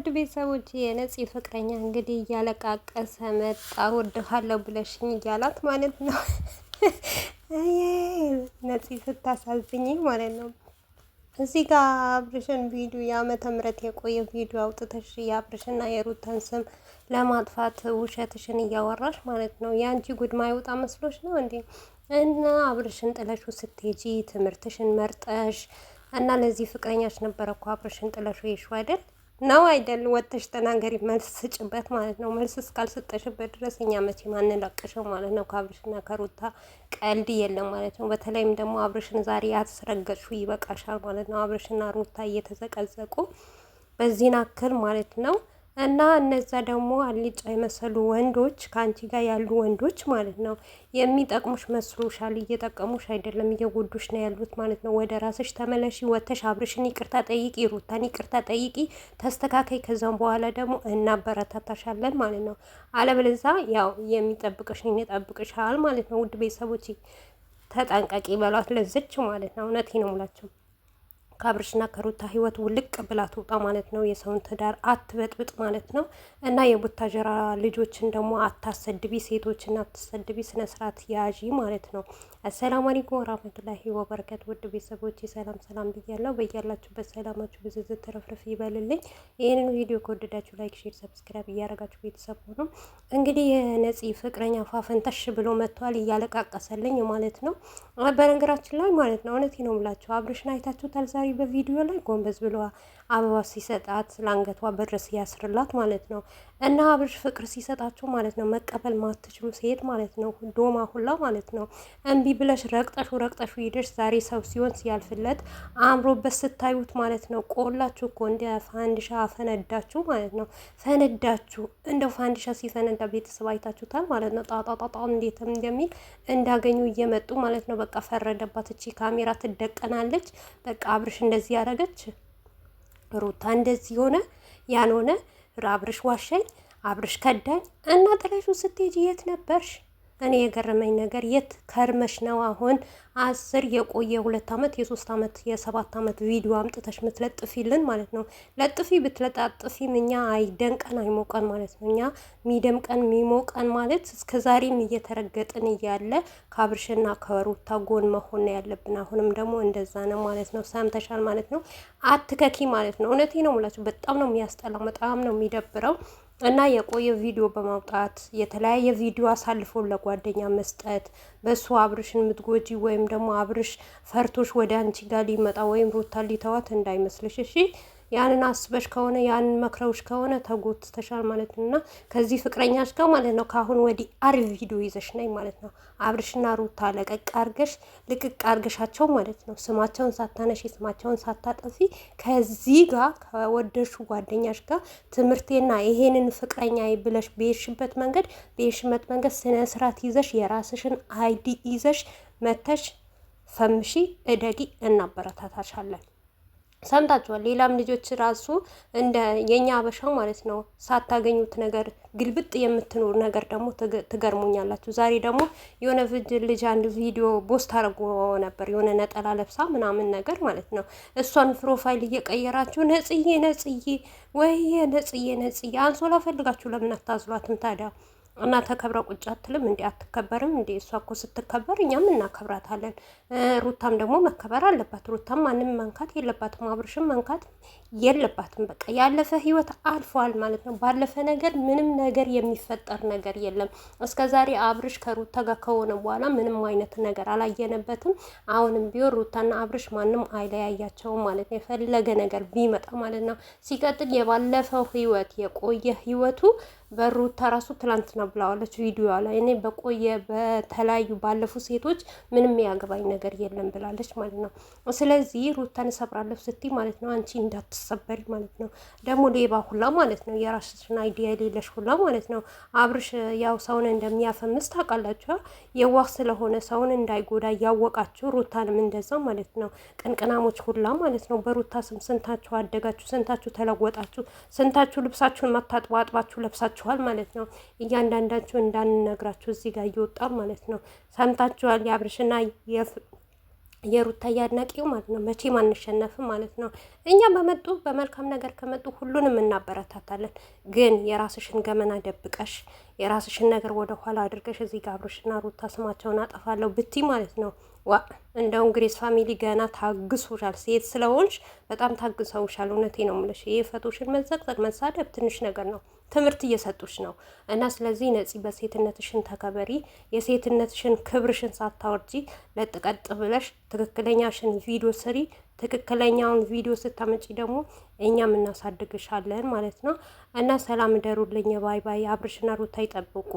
ውድ ቤተሰቦች የነፂ ፍቅረኛ እንግዲህ እያለቃቀሰ መጣ። ወድሃለሁ ብለሽኝ እያላት ማለት ነው። ነፂ ስታሳዝኝ ማለት ነው። እዚህ ጋር አብርሽን ቪዲዮ የአመተ ምሕረት የቆየ ቪዲዮ አውጥተሽ የአብርሽና የሩተን ስም ለማጥፋት ውሸትሽን እያወራሽ ማለት ነው። የአንቺ ጉድ ማይወጣ መስሎች ነው እንዴ? እና አብርሽን ጥለሹ ስትሄጂ ትምህርትሽን መርጠሽ እና ለዚህ ፍቅረኛች ነበረ እኮ አብርሽን ጥለሹ ይሹ አይደል? ነው አይደል? ወጥተሽ ተናገሪ፣ መልስ ስጭበት ማለት ነው። መልስ እስካልሰጠሽበት ድረስ እኛ መቼም አንለቅሽው ማለት ነው። ከአብርሽና ከሩታ ቀልድ የለም ማለት ነው። በተለይም ደግሞ አብርሽን ዛሬ ያስረገጥሽው ይበቃሻል ማለት ነው። አብርሽና ሩታ እየተዘቀዘቁ በዚህን አክል ማለት ነው። እና እነዛ ደግሞ አልጫ የመሰሉ ወንዶች ከአንቺ ጋር ያሉ ወንዶች ማለት ነው የሚጠቅሙሽ መስሎሻል። እየጠቀሙሽ አይደለም፣ እየጎዱሽ ነው ያሉት ማለት ነው። ወደ ራስሽ ተመለሽ። ወተሽ አብርሽን ይቅርታ ጠይቂ፣ ሩታን ይቅርታ ጠይቂ፣ ተስተካከይ። ከዛም በኋላ ደግሞ እናበረታታሻለን ማለት ነው። አለበለዛ ያው የሚጠብቅሽ ይጠብቅሻል ማለት ነው። ውድ ቤተሰቦች ተጠንቀቂ በሏት፣ ለዝች ማለት ነው። እውነት ነው ሙላቸው ከአብርሽና ከሩታ ህይወት ውልቅ ብላ ትውጣ ማለት ነው። የሰውን ትዳር አትበጥብጥ ማለት ነው። እና የቡታጀራ ልጆችን ደግሞ አታሰድቢ፣ ሴቶችን አትሰድቢ፣ ስነስርዓት ያዢ ማለት ነው። አሰላሙ አለይኩም ወራህመቱላሂ ወበረከቱ። ውድ ቤተሰቦች ሰላም ሰላም ብያለሁ። በያላችሁበት ሰላማችሁ ብዙ ትረፍርፍ ይበልልኝ። ይህንን ቪዲዮ ከወደዳችሁ ላይክ፣ ሼር፣ ሰብስክራይብ እያደረጋችሁ ቤተሰብ ሆኖ እንግዲህ የነጽ ፍቅረኛ ፋፈንተሽ ብሎ መጥቷል እያለቃቀሰልኝ ማለት ነው። በነገራችን ላይ ማለት ነው እውነቴ ነው የምላቸው አብርሽን አይታችሁታል ዛሬ በቪዲዮ ላይ ጎንበስ ብለዋል አበባ ሲሰጣት ለአንገቷ ብር ሲያስርላት ማለት ነው። እና አብርሽ ፍቅር ሲሰጣቸው ማለት ነው መቀበል ማትችሉ ሴት ማለት ነው ዶማ ሁላ ማለት ነው። እምቢ ብለሽ ረቅጠሹ ረቅጠሹ ይደርስ ዛሬ ሰው ሲሆን ሲያልፍለት አእምሮበት ስታዩት ማለት ነው ቆላችሁ እኮ እንደ ፋንድሻ ፈነዳችሁ ማለት ነው። ፈነዳችሁ እንደ ፋንዲሻ ሲፈነዳ ቤተሰብ አይታችሁታል ማለት ነው። ጣጣጣጣ እንዴት እንደሚል እንዳገኙ እየመጡ ማለት ነው። በቃ ፈረደባት እቺ ካሜራ ትደቀናለች። በቃ አብርሽ እንደዚህ ያደረገች ሩታ እንደዚህ ሆነ ያን ሆነ አብርሽ ዋሻኝ፣ አብርሽ ከዳኝ እና ጥለሹ ስትሄጂ የት ነበርሽ? እኔ የገረመኝ ነገር የት ከርመሽ ነው አሁን አስር የቆየ ሁለት ዓመት የሶስት ዓመት የሰባት ዓመት ቪዲዮ አምጥተሽ ምትለጥፊልን ማለት ነው። ለጥፊ ብትለጣጥፊም እኛ አይደንቀን አይሞቀን ማለት ነው። እኛ ሚደምቀን ሚሞቀን ማለት ዛሬም እየተረገጥን እያለ ከአብርሽና ከሩታ ጎን መሆን ነው ያለብን። አሁንም ደግሞ እንደዛ ነው ማለት ነው። ሰምተሻል ማለት ነው። አትከኪ ማለት ነው። እውነቴ ነው ሙላቸው። በጣም ነው የሚያስጠላው፣ በጣም ነው የሚደብረው። እና የቆየ ቪዲዮ በማውጣት የተለያየ ቪዲዮ አሳልፎ ለጓደኛ መስጠት በእሱ አብርሽን ምትጎጂ ወይም ደግሞ አብርሽ ፈርቶሽ ወደ አንቺ ጋር ሊመጣ ወይም ሩታ ሊተዋት እንዳይመስልሽ እሺ። ያንን አስበሽ ከሆነ ያንን መክረውሽ ከሆነ ተጎትተሻል ማለት ነው እና ከዚህ ፍቅረኛሽ ጋር ማለት ነው ከአሁን ወዲህ አሪፍ ቪዲዮ ይዘሽ ነኝ ማለት ነው። አብርሽና ሩታ ለቀቅ አርገሽ ልቅቅ አርገሻቸው ማለት ነው። ስማቸውን ሳታነሽ ስማቸውን ሳታጠፊ ከዚህ ጋር ከወደሹ ጓደኛሽ ጋር ትምህርቴና ይሄንን ፍቅረኛ ብለሽ በሄድሽበት መንገድ በሄድሽበት መንገድ ስነ ስርዓት ይዘሽ የራስሽን አይዲ ይዘሽ መተሽ ፈምሺ እደጊ እናበረታታሻለን። ሰምታችኋል። ሌላም ልጆች ራሱ እንደ የኛ አበሻ ማለት ነው ሳታገኙት ነገር ግልብጥ የምትኖር ነገር ደግሞ ትገርሙኛላችሁ። ዛሬ ደግሞ የሆነ ፍጅ ልጅ አንድ ቪዲዮ ቦስት አድርጎ ነበር፣ የሆነ ነጠላ ለብሳ ምናምን ነገር ማለት ነው። እሷን ፕሮፋይል እየቀየራችሁ ነጽዬ ነጽዬ፣ ወይ ነጽዬ ነጽዬ፣ አንሶላ ፈልጋችሁ ለምን አታዝሏትም ታዲያ? እና ተከብረ ቁጭ አትልም እንዴ? አትከበርም እንዴ? እሷ እኮ ስትከበር እኛም እናከብራታለን። ሩታም ደግሞ መከበር አለባት። ሩታም ማንም መንካት የለባትም፣ አብርሽም መንካት የለባትም። በቃ ያለፈ ህይወት አልፏል ማለት ነው። ባለፈ ነገር ምንም ነገር የሚፈጠር ነገር የለም። እስከ ዛሬ አብርሽ ከሩታ ጋር ከሆነ በኋላ ምንም አይነት ነገር አላየነበትም። አሁንም ቢሆን ሩታና አብርሽ ማንም አይለያያቸውም ማለት ነው፣ የፈለገ ነገር ቢመጣ ማለት ነው። ሲቀጥል የባለፈው ህይወት የቆየ ህይወቱ በሩታ ራሱ ትላንትና ብላዋለች ቪዲዮዋ ላይ እኔ በቆየ በተለያዩ ባለፉ ሴቶች ምንም ያገባኝ ነገር የለም ብላለች ማለት ነው። ስለዚህ ሩታን እሰብራለሁ ስትይ ማለት ነው አንቺ እንዳትሰበሪ ማለት ነው። ደግሞ ሌባ ሁላ ማለት ነው የራስሽን አይዲያ የሌለሽ ሁላ ማለት ነው። አብርሽ ያው ሰውን እንደሚያፈምስ ታውቃላችሁ። የዋህ ስለሆነ ሰውን እንዳይጎዳ እያወቃችሁ ሩታንም እንደዛ ማለት ነው። ቅንቅናሞች ሁላ ማለት ነው። በሩታ ስም ስንታችሁ አደጋችሁ፣ ስንታችሁ ተለወጣችሁ፣ ስንታችሁ ልብሳችሁን መታጥባጥባችሁ ለብሳችሁ ሰምታችኋል ማለት ነው። እያንዳንዳችሁ እንዳንነግራችሁ እዚህ ጋር እየወጣል ማለት ነው። ሰምታችኋል የአብርሽና የሩታ አድናቂው ማለት ነው። መቼም አንሸነፍም ማለት ነው። እኛ በመጡ በመልካም ነገር ከመጡ ሁሉንም እናበረታታለን። ግን የራስሽን ገመና ደብቀሽ የራስሽን ነገር ወደ ኋላ አድርገሽ እዚህ ጋር አብርሽና ሩታ ስማቸውን አጠፋለሁ ብቲ ማለት ነው። ዋ እንደው እንግዲህ ፋሚሊ ገና ታግሶሻል። ሴት ስለሆንሽ በጣም ታግሰውሻል። እውነቴ ነው የምልሽ። ይህ ፈቶሽን መዘቅዘቅ፣ መሳደብ ትንሽ ነገር ነው። ትምህርት እየሰጡሽ ነው እና ስለዚህ ነፂ በሴትነትሽን ተከበሪ። የሴትነትሽን ክብርሽን ሳታወርጂ ለጥቀጥ ብለሽ ትክክለኛሽን ቪዲዮ ስሪ። ትክክለኛውን ቪዲዮ ስታመጪ ደግሞ እኛም እናሳድግሻለን ማለት ነው። እና ሰላም እደሩልኝ። ባይ ባይ። አብርሽና ሩታ ይጠብቁ።